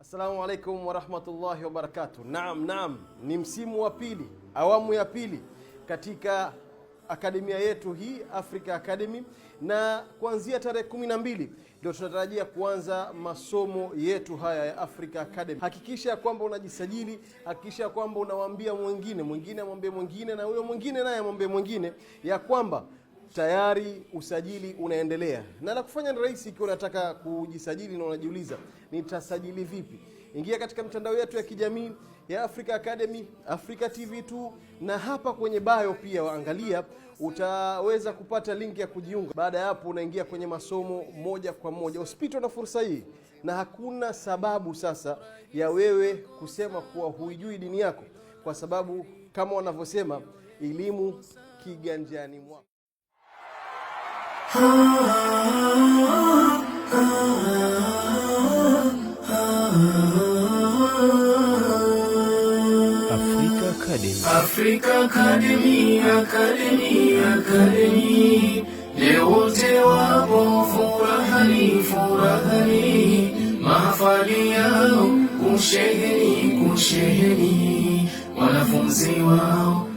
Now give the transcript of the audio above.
Assalamu alaikum warahmatullahi wabarakatuh. Naam, naam, ni msimu wa pili, awamu ya pili katika akademia yetu hii Africa Academy, na kuanzia tarehe mbili ndio tunatarajia kuanza masomo yetu haya ya Africa Academy. Hakikisha ya kwamba unajisajili, hakikisha ya kwamba unawaambia mwingine, mwingine amwambie mwingine, na huyo mwingine naye amwambie mwingine ya kwamba tayari usajili unaendelea, na la kufanya ni rahisi. Ikiwa unataka kujisajili na unajiuliza nitasajili vipi, ingia katika mitandao yetu ya kijamii ya Africa Academy, Africa TV tu, na hapa kwenye bio pia waangalia, utaweza kupata linki ya kujiunga. Baada ya hapo, unaingia kwenye masomo moja kwa moja. Usipitwe na fursa hii, na hakuna sababu sasa ya wewe kusema kuwa huijui dini yako, kwa sababu kama wanavyosema elimu kiganjani mwako. Africa Academy. Africa Academy, Academy, Academy. Leo wote wapo furahani, furahani. Mahafali yao kusheheni, kusheheni. Wanafunzi wao